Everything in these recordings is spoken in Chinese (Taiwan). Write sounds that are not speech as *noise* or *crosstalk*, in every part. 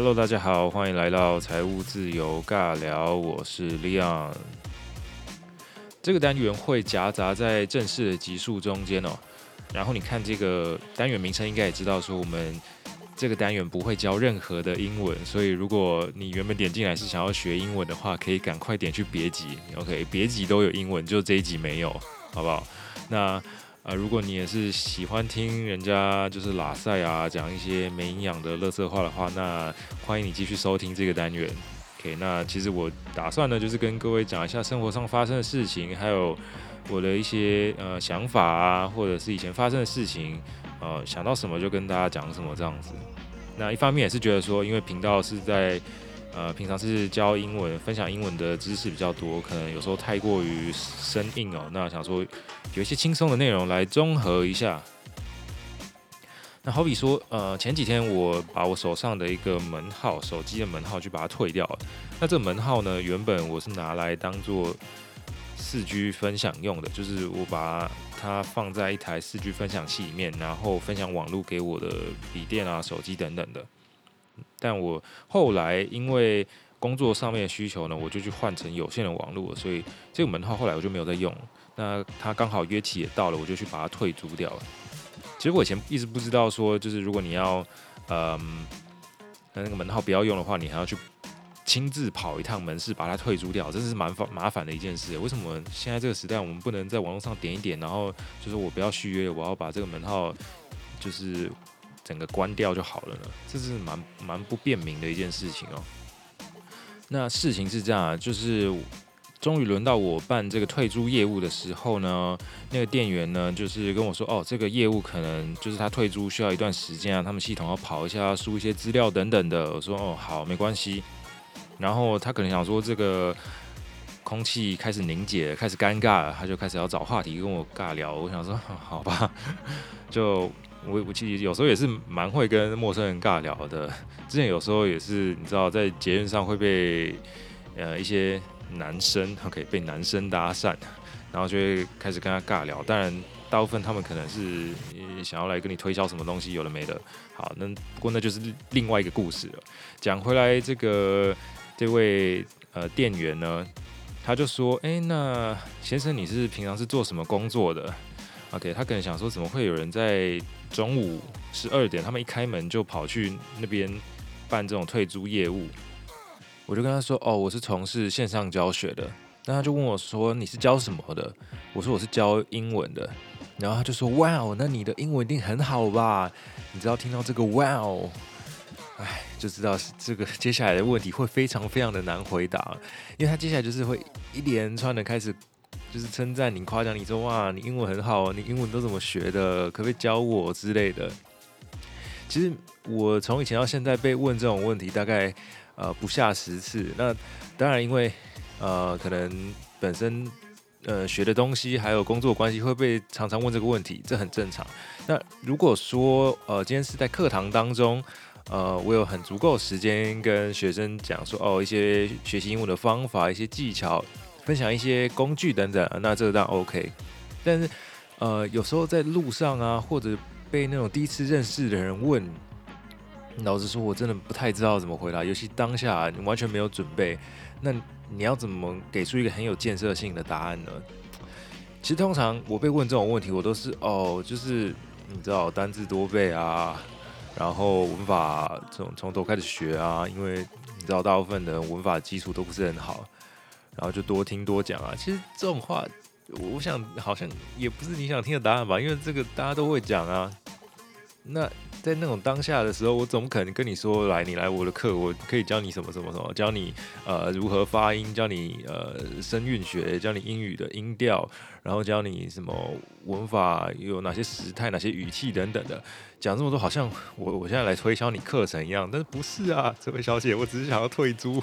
Hello，大家好，歡迎來到財務自由尬聊，我是 Leon。這個單元會夾雜在正式的集數中間哦。然後你看這個單元名稱，應該也知道說我們這個單元不會教任何的英文，所以如果你原本點進來是想要學英文的話，可以趕快點去別集，OK？別集都有英文，就這一集沒有，好不好？那。啊，如果你也是喜歡聽人家就是喇賽啊講一些沒營養的垃圾話的話，那歡迎你繼續收聽這個單元。OK，那其實我打算呢，就是跟各位講一下生活上發生的事情，還有我的一些呃想法啊，或者是以前發生的事情，呃，想到什麼就跟大家講什麼這樣子。那一方面也是覺得說，因為頻道是在。呃，平常是教英文，分享英文的知識比較多，可能有時候太過於生硬哦。那想說有一些輕鬆的內容來綜合一下。那好比說，呃，前幾天我把我手上的一個門號，手機的門號去把它退掉了。那這門號呢，原本我是拿來當做四 G 分享用的，就是我把它放在一台四 G 分享器裡面，然後分享網絡給我的筆電啊、手機等等的。但我後來因為工作上面的需求呢，我就去換成有線的網絡，所以這個門號後來我就沒有再用了。那它剛好約期也到了，我就去把它退租掉了。其實我以前一直不知道說，就是如果你要，嗯、呃，那那個門號不要用的話，你還要去親自跑一趟門市把它退租掉，真的是蠻煩麻煩的一件事。為什麼現在這個時代我們不能在網絡上點一點，然後就是我不要續約，我要把這個門號就是整個關掉就好了呢，這是蠻蠻不便民的一件事情哦、喔。那事情是這樣，就是終於輪到我辦這個退租業務的時候呢，那個店員呢，就是跟我說，哦，這個業務可能就是他退租需要一段時間啊，他們系統要跑一下，輸一些資料等等的。我說，哦，好，沒關係。然後他可能想說，這個空氣開始凝結，開始尷尬，他就開始要找話題跟我尬聊。我想說，好吧，就。我我其實有時候也是蠻會跟陌生人尬聊的。之前有時候也是，你知道，在捷運上會被呃一些男生，OK，被男生搭訕，然後就會開始跟他尬聊。當然，大部分他們可能是想要來跟你推銷什麼東西，有的沒的。好，那不過那就是另外一個故事了。講回來、這個，這個這位呃店員呢，他就說：“哎、欸，那先生你是平常是做什麼工作的？”OK，他可能想說，怎麼會有人在。中午十二點，他們一開門就跑去那邊辦這種退租業務。我就跟他說：“哦，我是從事線上教學的。”那他就問我說：“你是教什麼的？”我說：“我是教英文的。”然後他就說：“哇哦，那你的英文一定很好吧？”你知道聽到這個哇“哇哦”，哎，就知道這個接下來的問題會非常非常的難回答，因為他接下來就是會一連串的開始。就是稱讚你、誇獎你說，說哇，你英文很好，你英文都怎麼學的？可不可以教我之類的？其實我從以前到現在被問這種問題，大概呃不下十次。那當然，因為呃可能本身呃學的東西，還有工作關係，會被常常問這個問題，這很正常。那如果說呃今天是在課堂當中，呃我有很足夠時間跟學生講說哦一些學習英文的方法、一些技巧。分享一些工具等等，那這個當然 OK。但是，呃，有時候在路上啊，或者被那種第一次認識的人問，老實說，我真的不太知道怎麼回答。尤其當下，啊，你完全沒有準備，那你要怎麼給出一個很有建設性的答案呢？其實，通常我被問這種問題，我都是哦，就是你知道，單字多背啊，然後文法這種從頭開始學啊，因為你知道，大部分的文法的基礎都不是很好。然後就多聽多講啊，其實這種話，我想好像也不是你想聽的答案吧，因為這個大家都會講啊。那在那種當下的時候，我怎麼可能跟你說，來你來我的課，我可以教你什麼什麼什麼，教你呃如何發音，教你呃聲韻學，教你英語的音調，然後教你什麼文法有哪些時態、哪些語氣等等的。講這麼多，好像我我現在來推銷你課程一樣，但是不是啊，這位小姐，我只是想要退租，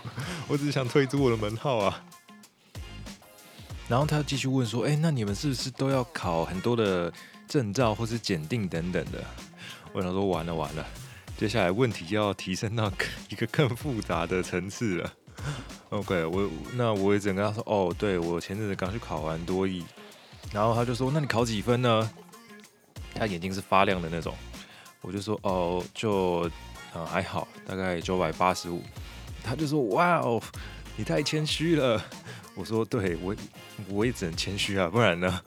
我只是想退租我的門號啊。然後他繼續問說，哎、欸，那你們是不是都要考很多的證照或是檢定等等的？我想他說完了完了，接下來問題就要提升到一個更複雜的層次了。OK，我那我也整個他說，哦，對我前陣子剛去考完多益。然後他就說，那你考幾分呢？他眼睛是發亮的那種，我就說，哦，就、嗯、還好，大概九百八十五。他就說，哇哦，你太謙虛了。我說對：“對我，我也只能謙虛啊，不然呢？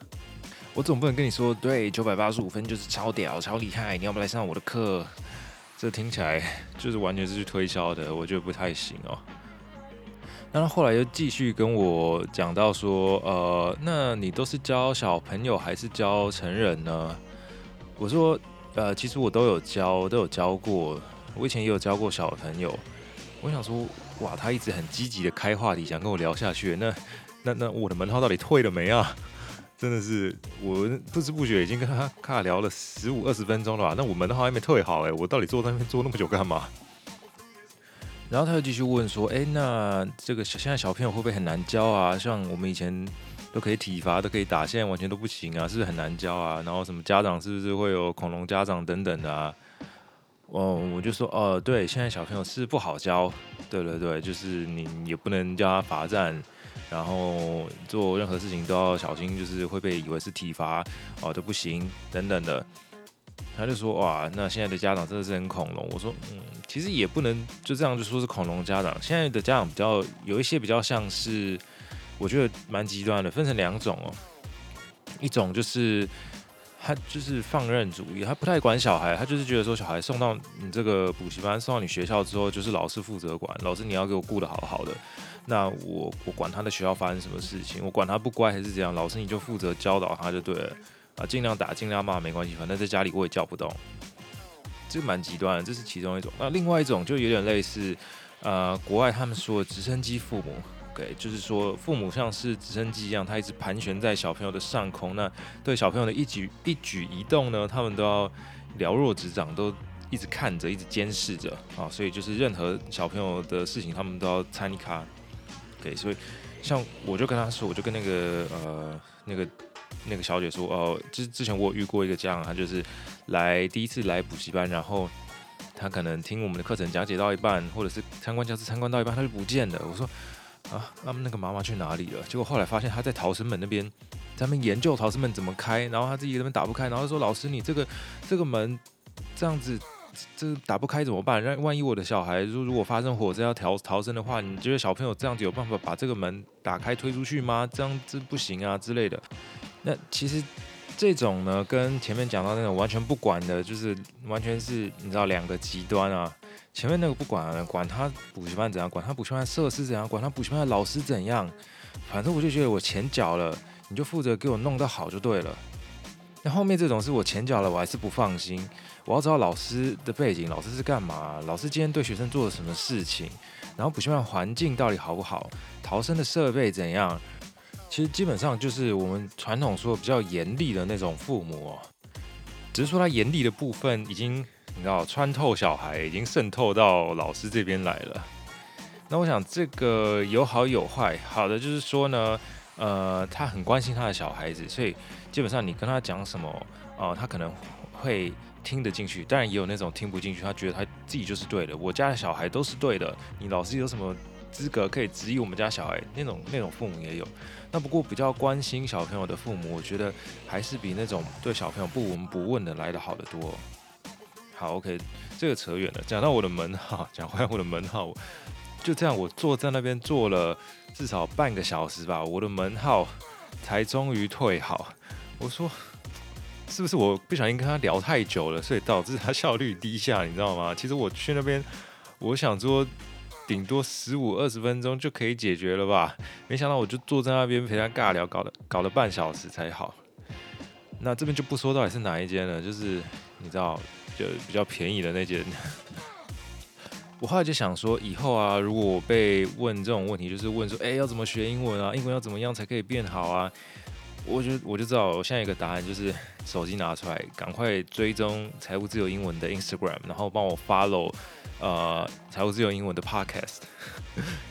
我總不能跟你說，對，九百八十五分就是超屌、超厲害，你要不來上我的課？這聽起來就是完全是去推銷的，我覺得不太行哦。”然後後來又繼續跟我講到說：“呃，那你都是教小朋友還是教成人呢？”我說：“呃，其實我都有教，都有教過，我以前也有教過小朋友。”我想說，哇，他一直很積極的開話題，想跟我聊下去。那、那、那我的門號到底退了沒啊？真的是，我不知不覺已經跟他尬聊了十五二十分鐘了吧？那我門號還沒退好哎、欸，我到底坐在那邊坐那麼久幹嘛？然後他又繼續問說，哎、欸，那這個現在小朋友會不會很難教啊？像我們以前都可以體罰，都可以打，現在完全都不行啊，是不是很難教啊？然後什麼家長是不是會有恐龍家長等等的啊？哦、嗯，我就說，哦、嗯，對，現在小朋友是不好教，對對對，就是你也不能叫他罰站，然後做任何事情都要小心，就是會被以為是體罰，哦、嗯，都不行等等的。他就說，哇，那現在的家長真的是很恐龍。我說，嗯，其實也不能就這樣就說是恐龍家長，現在的家長比較有一些比較像是，我覺得蠻極端的，分成兩種哦，一種就是。他就是放任主義，他不太管小孩，他就是覺得說小孩送到你這個補習班，送到你學校之後，就是老師負責管，老師你要給我顧得好好的，那我我管他的學校發生什麼事情，我管他不乖還是怎樣，老師你就負責教導他就對了啊，盡量打，盡量罵，沒關係，反正在家裡我也叫不動，這個蠻極端的。這是其中一種。那另外一種就有點類似，呃，國外他們說的直升機父母。對，okay, 就是說父母像是直升機一樣，他一直盤旋在小朋友的上空。那對小朋友的一舉一舉一動呢，他們都要了若指掌，都一直看着，一直監視着啊、哦。所以就是任何小朋友的事情，他們都要參一咖。對、okay，所以像我就跟他說，我就跟那個呃那個那個小姐說，哦，之之前我有遇過一個家長，他就是來第一次來補習班，然後他可能聽我們的課程講解到一半，或者是參觀教室參觀到一半，他就不見了。我說。啊，那麼那個媽媽去哪裡了？結果後來發現她在逃生門那邊，他們研究逃生門怎麼開，然後他自己這邊打不開，然後說老師你這個這個門這樣子這打不開怎麼辦？讓萬一我的小孩如如果發生火災要逃逃生的話，你覺得小朋友這樣子有辦法把這個門打開推出去嗎？這樣子不行啊之類的。那其實這種呢，跟前面講到那種完全不管的，就是完全是你知道兩個極端啊。前面那個不管，管他補習班怎樣，管他補習班設施怎樣，管他補習班的老師怎樣，反正我就覺得我錢繳了，你就負責給我弄得好就對了。那後面這種是我錢繳了，我還是不放心，我要知道老師的背景，老師是幹嘛，老師今天對學生做了什麼事情，然後補習班環境到底好不好，逃生的設備怎樣。其實基本上就是我們傳統說比較嚴厲的那種父母哦，只是說他嚴厲的部分已經。你知道穿透小孩已經滲透到老師這邊來了。那我想這個有好有壞，好的就是說呢，呃，他很關心他的小孩子，所以基本上你跟他講什麼，呃，他可能會聽得進去。當然也有那種聽不進去，他覺得他自己就是對的，我家的小孩都是對的，你老師有什麼資格可以質疑我們家小孩？那種那種父母也有。那不過比較關心小朋友的父母，我覺得還是比那種對小朋友不聞不問的來得好得多。好，OK，這個扯遠了。講到我的門號，講回來我的門號，就這樣，我坐在那邊坐了至少半個小時吧，我的門號才終於退好。我說，是不是我不小心跟他聊太久了，所以導致他效率低下？你知道嗎？其實我去那邊，我想說頂多十五、二十分鐘就可以解決了吧，沒想到我就坐在那邊陪他尬聊，搞了搞了半小時才好。那這邊就不說到底是哪一間了，就是你知道。就比較便宜的那間，我後來就想說，以後啊，如果我被問這種問題，就是問說，哎、欸，要怎麼學英文啊？英文要怎麼樣才可以變好啊？我覺得我就知道，我現在一個答案就是，手機拿出來，趕快追蹤“財務自由英文”的 Instagram，然後幫我 follow，呃，“財務自由英文”的 podcast，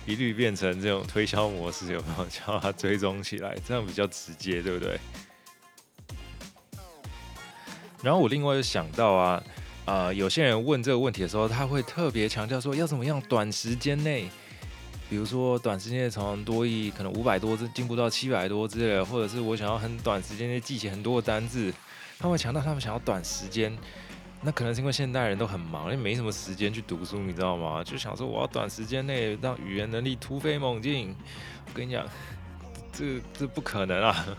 一律變成這種推銷模式，有沒有？叫他追蹤起來，這樣比較直接，對不對？然後我另外又想到啊，呃，有些人問這個問題的時候，他會特別強調說要怎麼樣短時間內，比如說短時間內從多益可能五百多只，進步到七百多只，或者是我想要很短時間內記起很多的單字。他會強調他們想要短時間，那可能是因為現代人都很忙，也沒什麼時間去讀書，你知道嗎？就想說我要短時間內讓語言能力突飛猛進，我跟你講，這這不可能啊！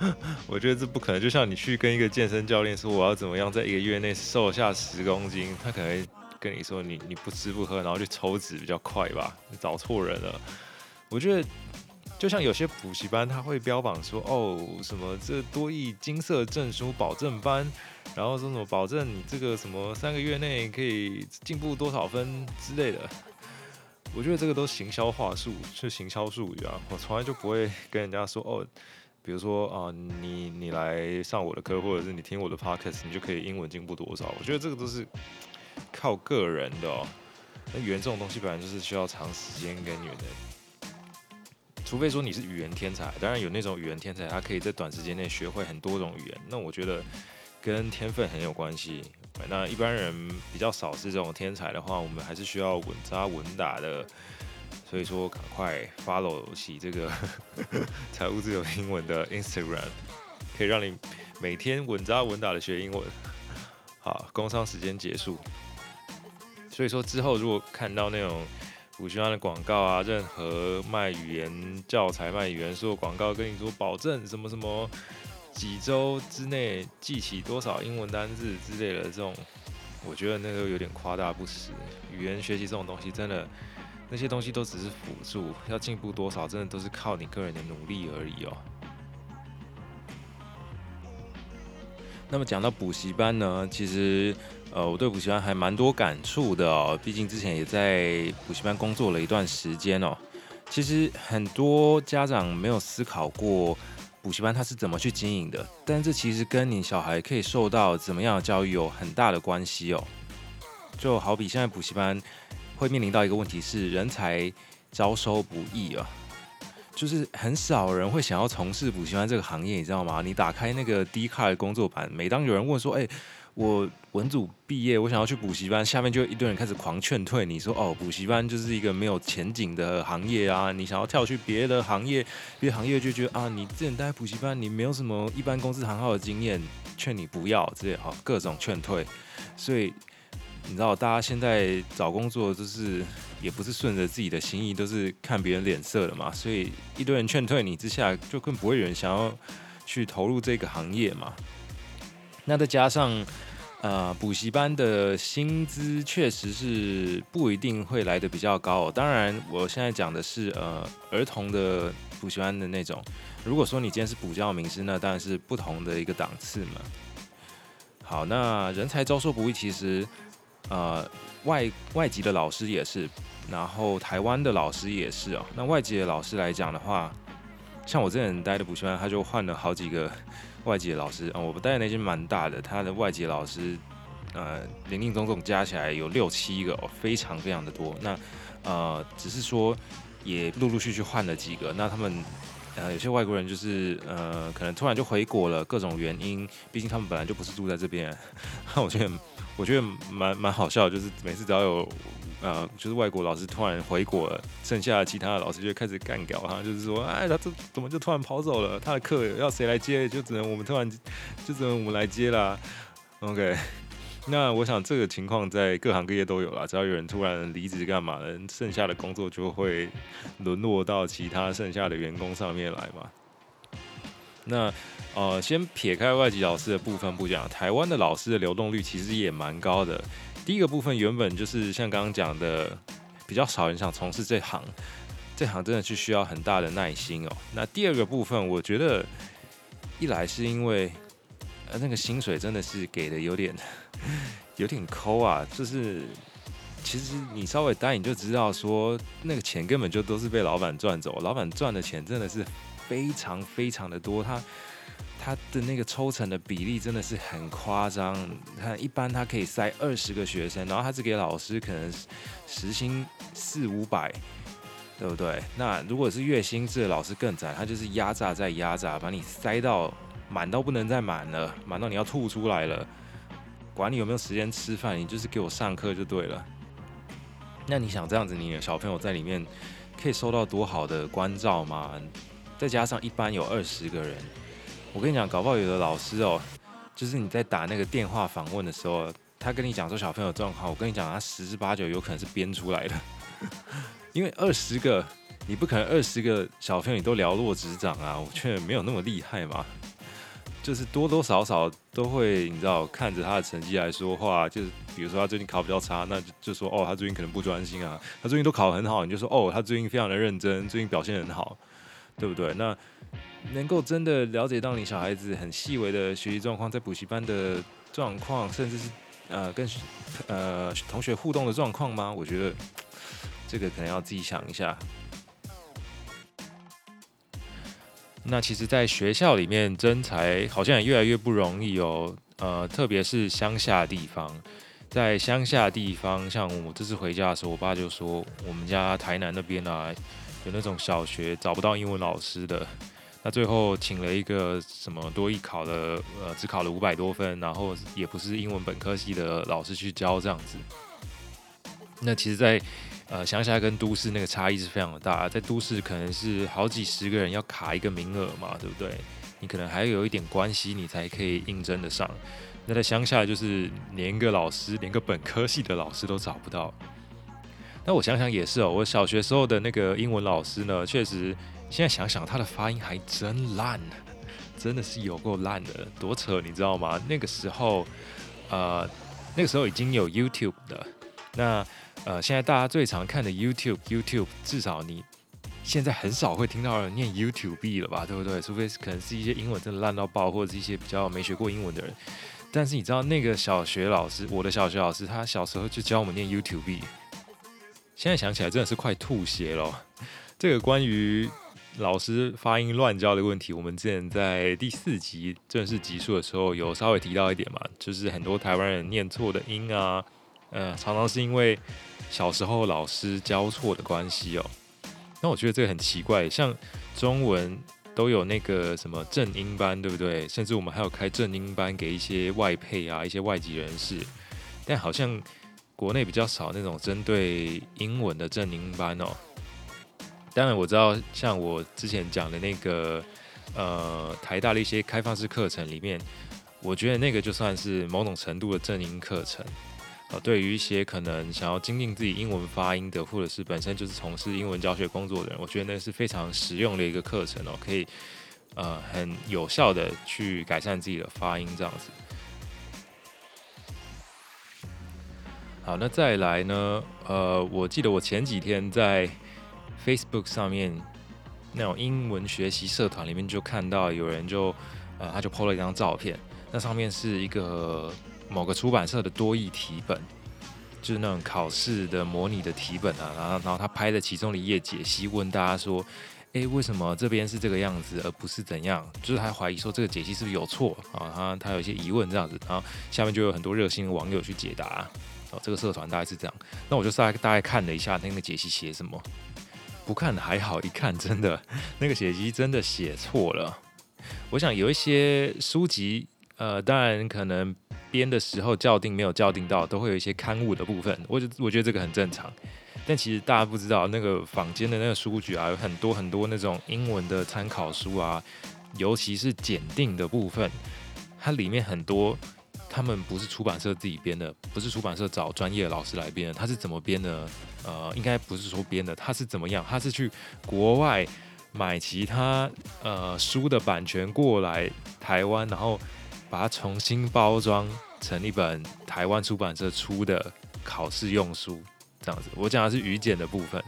*laughs* 我覺得這不可能，就像你去跟一個健身教練說，我要怎麼樣在一個月內瘦下十公斤，他可能會跟你說，你你不吃不喝，然後去抽脂比較快吧，你找錯人了。我覺得就像有些補習班他會標榜說哦，什麼這多益金色證書保證班，然後說什麼保證你這個什麼三個月內可以進步多少分之類的，我覺得這個都是行銷話術，是行銷術語啊，我從來就不會跟人家說哦。比如說啊，你你來上我的課，或者是你聽我的 podcast，你就可以英文進步多少？我覺得這個都是靠個人的哦。那語言這種東西本來就是需要長時間跟女的，除非說你是語言天才，當然有那種語言天才，他可以在短時間內學會很多種語言。那我覺得跟天分很有關係。那一般人比較少是這種天才的話，我們還是需要穩扎穩打的。所以說，趕快 follow 起這個財務自由英文的 Instagram，可以讓你每天穩扎穩打的學英文。好，工商時間結束。所以說之後如果看到那種五千萬的廣告啊，任何賣語言教材、賣語言書的廣告，跟你說保證什麼什麼幾週之內記起多少英文單字之類的這種，我覺得那個有點誇大不實，欸。語言學習這種東西真的。那些東西都只是輔助，要進步多少，真的都是靠你個人的努力而已哦。那麼講到補習班呢，其實，呃，我對補習班還蠻多感觸的哦，畢竟之前也在補習班工作了一段時間哦。其實很多家長沒有思考過補習班它是怎麼去經營的，但這其實跟你小孩可以受到怎麼樣的教育有很大的關係哦。就好比現在補習班，會面臨到一個問題是人才招收不易啊，就是很少人會想要從事補習班這個行業，你知道嗎？你打開那個 Dcard 的工作板，每當有人問說：“哎、欸，我文組畢業，我想要去補習班。”下面就一堆人開始狂勸退，你說：“哦，補習班就是一個沒有前景的行業啊！你想要跳去別的行業，別的行業就覺得啊，你這樣在補習班，你沒有什麼一般公司行號的經驗，勸你不要之類好，各種勸退，所以。你知道，大家現在找工作就是也不是順着自己的心意，都是看別人臉色的嘛。所以一堆人勸退你之下，就更不會有人想要去投入這個行業嘛。那再加上，呃，補習班的薪資確實是不一定會來得比較高哦。當然，我現在講的是呃兒童的補習班的那種。如果說你今天是補教名師，那當然是不同的一個檔次嘛。好，那人才招收不易，其實。呃，外外籍的老師也是，然後台灣的老師也是哦。那外籍的老師來講的話，像我之前待的補習班，他就換了好幾個外籍的老師啊、呃。我不待的那些蠻大的，他的外籍的老師，呃，林林總總加起來有六七個，非常非常的多。那呃，只是說也陸陸續續換了幾個。那他們呃，有些外國人就是呃，可能突然就回國了，各種原因。畢竟他們本來就不是住在這邊，那我覺得。我覺得蠻蠻好笑的，就是每次只要有，啊、呃、就是外國老師突然回國了，剩下的其他的老師就開始幹譙他，就是說，哎，他這怎麼就突然跑走了？他的課要誰來接？就只能我們突然，就只能我們來接啦。OK，那我想這個情況在各行各業都有啦，只要有人突然離職幹嘛的，剩下的工作就會淪落到其他剩下的員工上面來嘛。那呃，先撇開外籍老師的部分不講，台灣的老師的流動率其實也蠻高的。第一個部分原本就是像剛剛講的，比較少人想從事這行，這行真的是需要很大的耐心哦。那第二個部分，我覺得一來是因為呃那個薪水真的是給的有點有點摳啊，就是其實你稍微待你就知道說，那個錢根本就都是被老闆賺走，老闆賺的錢真的是。非常非常的多，他他的那個抽成的比例真的是很誇張。他一般他可以塞二十個學生，然後他只給老師可能時薪四五百，對不對？那如果是月薪制的老師更慘，他就是壓榨再壓榨，把你塞到滿到不能再滿了，滿到你要吐出來了。管你有沒有時間吃飯，你就是給我上課就對了。那你想這樣子，你的小朋友在裡面可以收到多好的關照嗎？再加上一般有二十個人，我跟你講，搞不好有的老師哦、喔，就是你在打那個電話訪問的時候，他跟你講說小朋友狀況，我跟你講，他十之八九有可能是編出來的。 *laughs* 因為二十個，你不可能二十個小朋友你都了如指掌啊，我確沒有那麼厲害嘛。就是多多少少都會，你知道，看着他的成績來說話，就是比如說他最近考比較差，那就就說哦，他最近可能不專心啊。他最近都考得很好，你就說哦，他最近非常的認真，最近表現很好。對不對？那能夠真的了解到你小孩子很細微的學習狀況，在補習班的狀況，甚至是呃，跟呃同學互動的狀況嗎？我覺得這個可能要自己想一下。那其實，在學校裡面，真才好像也越來越不容易哦。呃，特別是鄉下地方，在鄉下地方，像我這次回家的時候，我爸就說，我們家台南那邊啊。有那種小學找不到英文老師的，那最後請了一個什麼多益考了呃，只考了五百多分，然後也不是英文本科系的老師去教這樣子。那其實在，在呃鄉下跟都市那個差異是非常的大，在都市可能是好幾十個人要卡一個名額嘛，對不對？你可能還有一點關係，你才可以應徵得上。那在鄉下就是連一個老師，連個本科系的老師都找不到。那我想想也是哦，我小學時候的那個英文老師呢，確實現在想想他的發音還真爛，真的是有夠爛的，多扯你知道嗎？那個時候，呃，那個時候已經有 YouTube 的，那呃，現在大家最常看的 YouTube，YouTube 至少你現在很少會聽到人念 YouTube 了吧，對不對？除非是可能是一些英文真的爛到爆，或者是一些比較沒學過英文的人。但是你知道那個小學老師，我的小學老師，他小時候就教我們念 YouTube。現在想起來真的是快吐血了喔。這個關於老師發音亂教的問題，我們之前在第四集正式結束的時候有稍微提到一點嘛，就是很多台灣人念錯的音啊，呃，常常是因為小時候老師教錯的關係哦。那我覺得這個很奇怪，像中文都有那個什麼正音班，對不對？甚至我們還有開正音班給一些外配啊、一些外籍人士，但好像。國內比較少那種針對英文的正音班哦、喔。當然我知道，像我之前講的那個，呃，台大的一些開放式課程裡面，我覺得那個就算是某種程度的正音課程、呃。對於一些可能想要精進自己英文發音的，或者是本身就是從事英文教學工作的人，我覺得那是非常實用的一個課程哦、喔，可以呃很有效的去改善自己的發音這樣子。好，那再來呢？呃，我記得我前幾天在 Facebook 上面那種英文學習社團裡面就看到有人就呃，他就 po 了一張照片，那上面是一個、呃、某個出版社的多益題本，就是那種考試的模擬的題本啊。然後，然後他拍的其中一頁解析，問大家說：誒、欸，為什麼這邊是這個樣子，而不是怎樣？就是他懷疑說這個解析是不是有錯啊？他他有一些疑問這樣子。然後下面就有很多熱心的網友去解答。哦，這個社團大概是這樣。那我就大大概看了一下那個解析寫什麼，不看還好，一看真的那個解析真的寫錯了。我想有一些書籍，呃，當然可能編的時候校訂沒有校訂到，都會有一些勘誤的部分。我覺我覺得這個很正常。但其實大家不知道，那個坊間的那個書局啊，有很多很多那種英文的參考書啊，尤其是檢定的部分，它裡面很多。他們不是出版社自己編的，不是出版社找專業的老師來編的，他是怎麼編的？呃，應該不是說編的，他是怎麼樣？他是去國外買其他呃書的版權過來台灣，然後把它重新包裝成一本台灣出版社出的考試用書，這樣子。我講的是語檢的部分，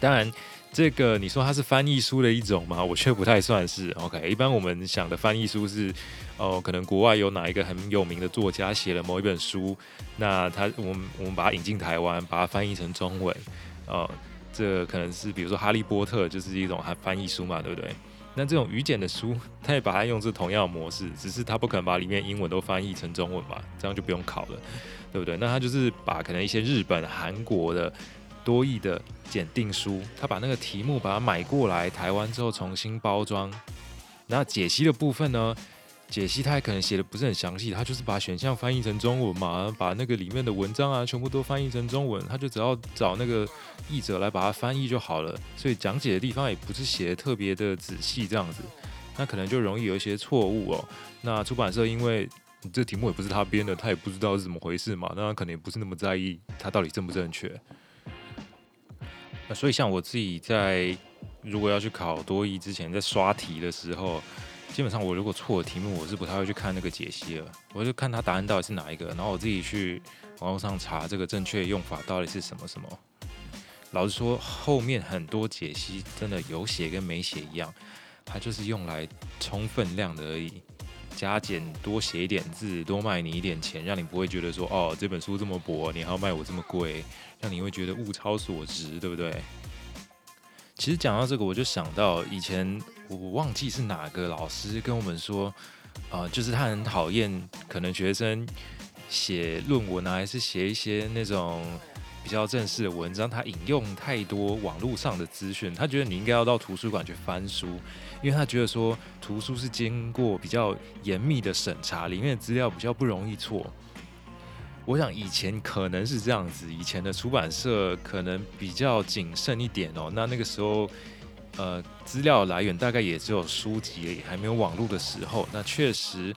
當然。這個你說它是翻譯書的一種嗎？我卻不太算是。OK，一般我們想的翻譯書是，哦、呃，可能國外有哪一個很有名的作家寫了某一本書，那他我們我們把它引進台灣，把它翻譯成中文，哦、呃，這個、可能是比如說《哈利波特》就是一種翻譯書嘛，對不對？那這種語簡的書，他也把它用這同樣的模式，只是他不可能把裡面英文都翻譯成中文嘛，這樣就不用考了，對不對？那他就是把可能一些日本、韓國的。多益的檢定書，他把那個題目把它買過來台灣之後重新包裝，那解析的部分呢？解析他也可能寫的不是很詳細，他就是把選項翻譯成中文嘛，把那個裡面的文章啊全部都翻譯成中文，他就只要找那個譯者來把它翻譯就好了。所以講解的地方也不是寫的特別的仔細，這樣子，那可能就容易有一些錯誤哦。那出版社因為這題目也不是他編的，他也不知道是怎麼回事嘛，那他可能也不是那麼在意他到底正不正確。那所以，像我自己在如果要去考多益之前，在刷題的時候，基本上我如果錯的題目，我是不太會去看那個解析了。我就看他答案到底是哪一個，然後我自己去網絡上查這個正確用法到底是什麼什麼。老實說，後面很多解析真的有寫跟沒寫一樣，它就是用來充分量的而已。加減多寫一點字，多賣你一點錢，讓你不會覺得說哦，這本書這麼薄，你還要賣我這麼貴，讓你會覺得物超所值，對不對？其實講到這個，我就想到以前我忘記是哪個老師跟我們說，啊、呃，就是他很討厭可能學生寫論文呢、啊，還是寫一些那種。比較正式的文章，他引用太多網絡上的資訊，他覺得你應該要到圖書館去翻書，因為他覺得說圖書是經過比較嚴密的審查，裡面的資料比較不容易錯。我想以前可能是這樣子，以前的出版社可能比較謹慎一點哦。那那個時候，呃，資料來源大概也只有書籍而已，還沒有網絡的時候，那確實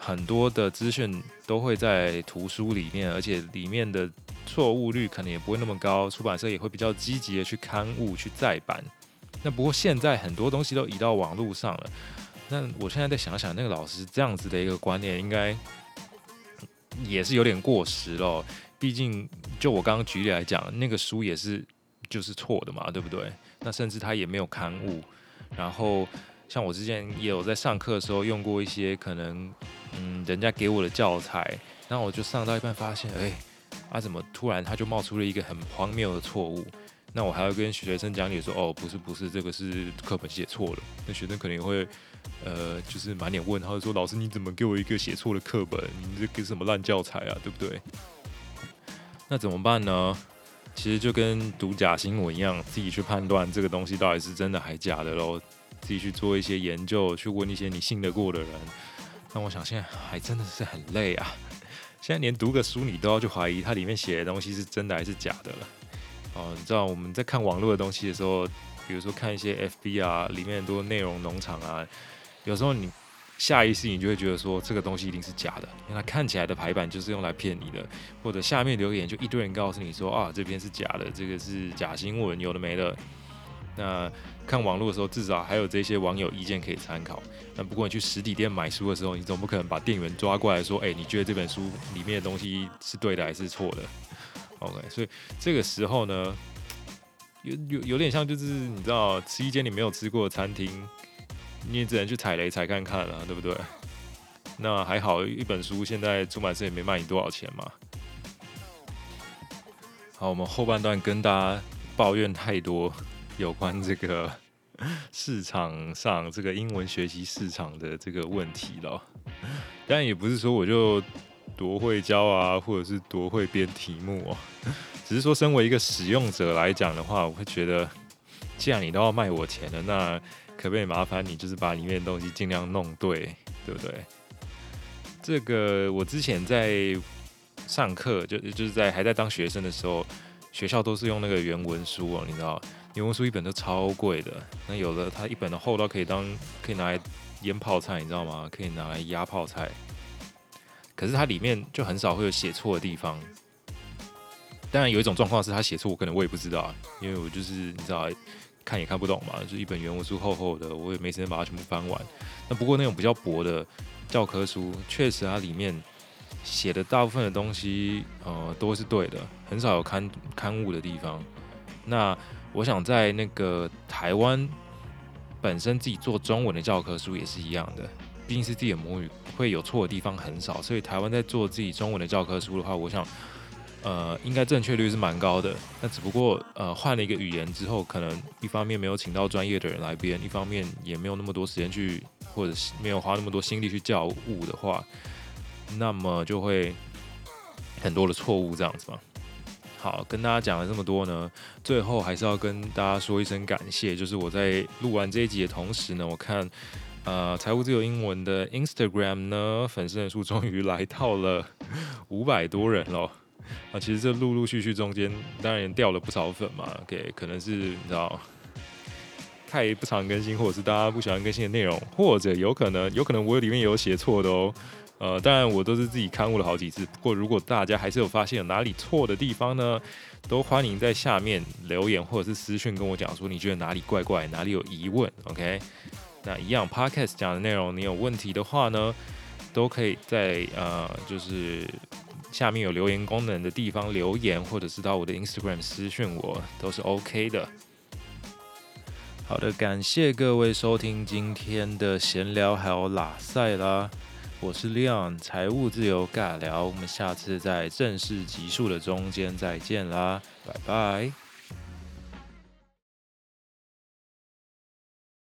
很多的資訊都會在圖書裡面，而且裡面的。錯誤率可能也不會那麼高，出版社也會比較積極的去刊物、去再版。那不過現在很多東西都移到網絡上了。那我現在再想想，那個老師這樣子的一個觀念，應該也是有點過時了哦。畢竟，就我剛剛舉例來講，那個書也是就是錯的嘛，對不對？那甚至他也沒有刊物。然後，像我之前也有在上課的時候用過一些可能，嗯，人家給我的教材，那我就上到一半發現，哎。他、啊、怎麼突然他就冒出了一個很荒謬的錯誤？那我還要跟學生講解說，哦，不是不是，這個是課本寫錯了。那學生肯定會，呃，就是滿臉問，他會說，老師你怎麼給我一個寫錯的課本？你這給什麼爛教材啊，對不對？那怎麼辦呢？其實就跟讀假新聞一樣，自己去判斷這個東西到底是真的還假的嘍。自己去做一些研究，去問一些你信得過的人。那我想現在還真的是很累啊。現在連讀個書你都要去懷疑它裡面寫的東西是真的還是假的了。哦、啊，你知道我們在看網絡的東西的時候，比如說看一些 FB 啊，裡面很多內容農場啊，有時候你下意識你就會覺得說，這個東西一定是假的，因為它看起來的排版就是用來騙你的，或者下面留言就一堆人告訴你說啊，這篇是假的，這個是假新聞，有的沒的。那看網絡的時候，至少還有這些網友意見可以參考。那不過你去實體店買書的時候，你總不可能把店員抓過來說：“哎，你覺得這本書裡面的東西是對的還是錯的？” OK，所以這個時候呢，有有有點像就是你知道吃一間你沒有吃過的餐廳，你也只能去踩雷踩看看了，對不對？那還好，一本書現在出版社也沒賣你多少錢嘛。好，我們後半段跟大家抱怨太多。有關這個市場上這個英文學習市場的這個問題咯，但也不是說我就多會教啊，或者是多會編題目哦，只是說身為一個使用者來講的話，我會覺得，既然你都要賣我錢了，那可不可以麻煩你就是把裡面的東西儘量弄對，對不對？這個我之前在上課，就就是在還在當學生的時候，學校都是用那個原文書哦，你知道。原文書一本都超貴的，那有的它一本的厚到可以當可以拿來醃泡菜，你知道嗎？可以拿來壓泡菜。可是它裡面就很少會有寫錯的地方。當然有一種狀況是它寫錯，我可能我也不知道啊，因為我就是你知道看也看不懂嘛，就是、一本原文書厚厚的，我也沒時間把它全部翻完。那不過那種比較薄的教科書，確實它裡面寫的大部分的東西呃都是對的，很少有勘勘誤的地方。那我想在那個台灣本身自己做中文的教科書也是一樣的，畢竟是自己的母語，會有錯的地方很少，所以台灣在做自己中文的教科書的話，我想，呃，應該正確率是蠻高的。那只不過呃換了一個語言之後，可能一方面沒有請到專業的人來編，一方面也沒有那麼多時間去，或者沒有花那麼多心力去教務的話，那麼就會很多的錯誤這樣子吧。好，跟大家講了這麼多呢，最後還是要跟大家說一聲感謝。就是我在錄完這一集的同時呢，我看，呃，財務自由英文的 Instagram 呢，粉絲人數終於來到了五百多人咯。啊，其實這陸陸續續中間，當然掉了不少粉嘛，給可，可能是你知道，太不常更新，或者是大家不喜歡更新的內容，或者有可能，有可能我裡面也有寫錯的哦。呃，當然我都是自己看過了好幾次。不過如果大家還是有發現有哪裡錯的地方呢，都歡迎在下面留言，或者是私訊跟我講說你覺得哪裡怪怪，哪裡有疑問。OK，那一樣 Podcast 講的內容你有問題的話呢，都可以在呃就是下面有留言功能的地方留言，或者是到我的 Instagram 私訊我都是 OK 的。好的，感謝各位收聽今天的閒聊，還有拉塞啦。我是 Leon，財務自由尬聊，我們下次在正式集數的中間再見啦，拜拜。